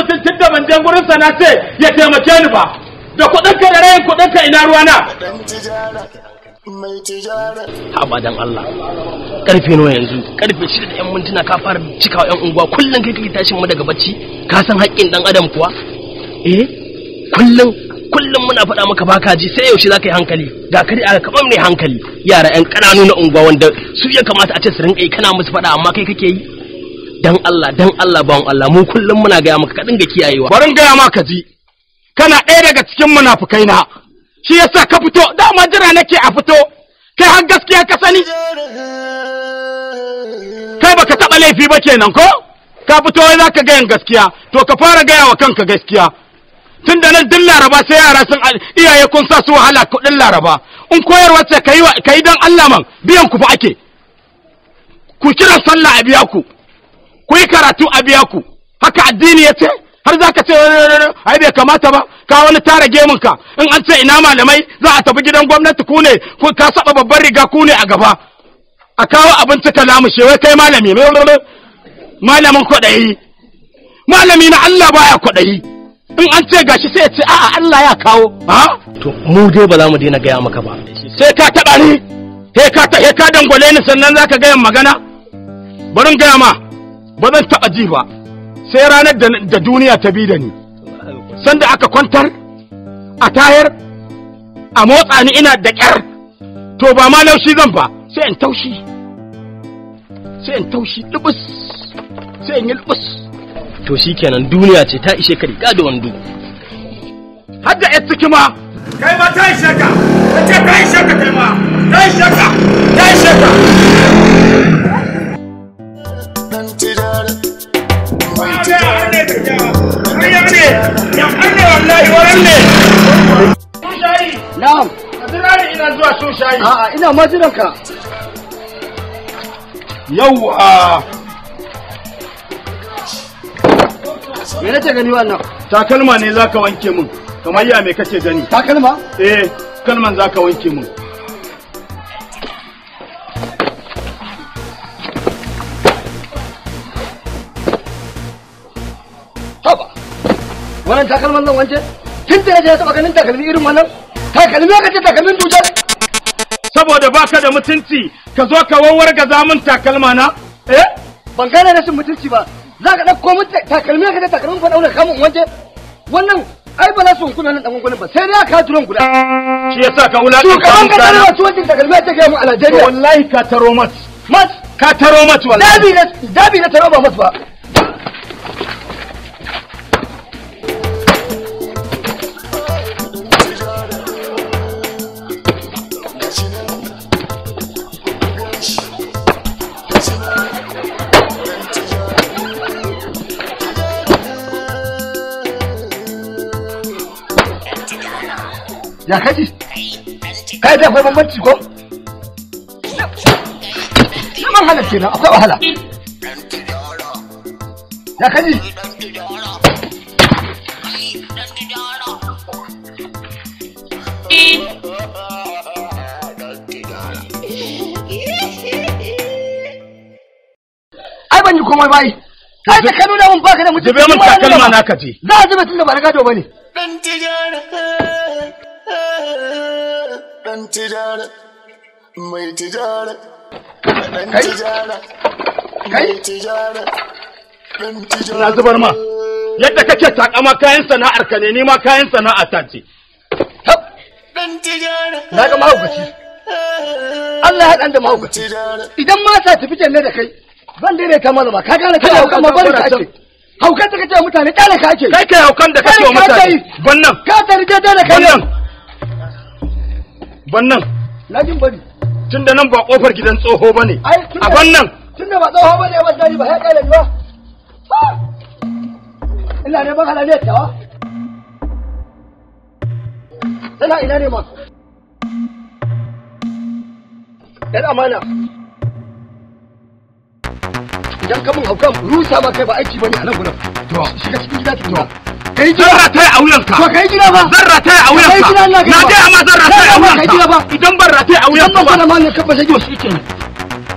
mutuncin da ban jan gurin na ce ya taimake ni ba da ka da rayin ka ina ruwana haba dan Allah karfe nawa yanzu karfe shida da yan mintuna ka fara cikawa yan unguwa kullum kai kake tashin mu daga bacci ka san haƙƙin dan adam kuwa eh kullum kullum muna faɗa maka baka ji sai yaushe zaka yi hankali ga kari aka kamar ne hankali yara yan ƙananu na unguwa wanda su ya kamata a ce su rinƙa yi kana musu faɗa amma kai kake yi dan Allah dan Allah bawon Allah mu kullum muna gaya maka ka dinga kiyayewa bari gaya maka ji kana ɗaya daga cikin munafukai na shi yasa ka fito dama jira nake a fito kai har gaskiya ka sani kai baka taba laifi ba kenan ko ka fito wai zaka gayan gaskiya to ka fara gaya wa kanka gaskiya tun da nan din laraba sai yara sun iyaye kun sa su wahala kuɗin laraba in koyarwa ce ka yi don Allah man biyan ku fa ake ku kira sallah a biya ku ku yi karatu a biya ku haka addini ya ce har za ka ce ai bai kamata ba ka wani tara gemunka in an ce ina malamai za a tafi gidan gwamnati ku ne ka saba babban riga ku ne a gaba a kawo abinci ka lamushe wai kai malami malamin kwaɗayi malami na Allah baya kwaɗayi in an ce gashi sai ce a'a Allah ya kawo ha to mu dai ba za mu daina gaya maka ba sai ka taɓa ni sai ka dangwale ni sannan za ka gaya magana barin gaya ma ba zan taɓa ji ba sai ranar da duniya ta bi da ni sanda aka kwantar a tayar a motsa ni ina da ƙyar to ba ma laushi zan ba sai in taushi sai in taushi lubus sai in yi lubus to shi kenan duniya ce ta ishe ka riga da wando har da yar ciki ma kai ma ta ishe ka ne shayi na'am azirari ina zuwa so shayi a'a ina ma jiran ka yau a me nake gani wannan takalma ne zaka wanke min kamar ya me kake gani takalma eh kalman zaka wanke min haba wannan takalman zan wanke tun da ya taɓa ganin takalmi irin wannan takalmi ka ce takalmin tuja ne saboda baka da mutunci ka zo ka wawar ga zamun takalma na eh ban gane rashin mutunci ba za ka ɗauko mun takalmi ka ce takalmin fa daura kamun waje wannan ai ba za su hunkuna nan dan ba sai dai ka turon guda shi yasa ka wula ka kan ka tare wasu wajen takalmi ta ga mu a Najeriya wallahi ka taro mat mat ka taro mat wallahi dabi na dabi na taro ba mat ba ya kaji kai da kuma bambanci ko naman halar kenan akwai wahala ya kaji ai ban yi komai bai kai da kanuna mun baka da mutum zube mun takalma na kaji za a zube tun da ba na gado bane dan you ɗan tijara mai tijara ɗan tijara mai tijara ɗan tijara na zubar ma yadda kake takama kayan sana'ar ka ne ni ma kayan sana'a ta ce ɗan tijara na ga mahaukaci Allah ya haɗan da mahaukaci idan ma sa tafi janne da kai zan daidaita malama ka gane kana hauka mabarin ka ake haukan ta kace mutane kana ka ake kai kai haukan da kake wa mutane wannan ka tarje da kai wannan ban nan na bari tun da nan ba kofar gidan tsoho ba ne a ban nan tun da ba tsoho ba ne ba zari ba ya kare ni ba ina ne baka ne tawa ina ina ne ma dan amana idan ka mun hauka rusa ba kai ba aiki bane a nan gurin to shiga cikin gida ki to kai gida zan rataya a wuyanka to zan rataya a na je amma a wuyanka idan ban rataya a wuyanka ba na ma ne ka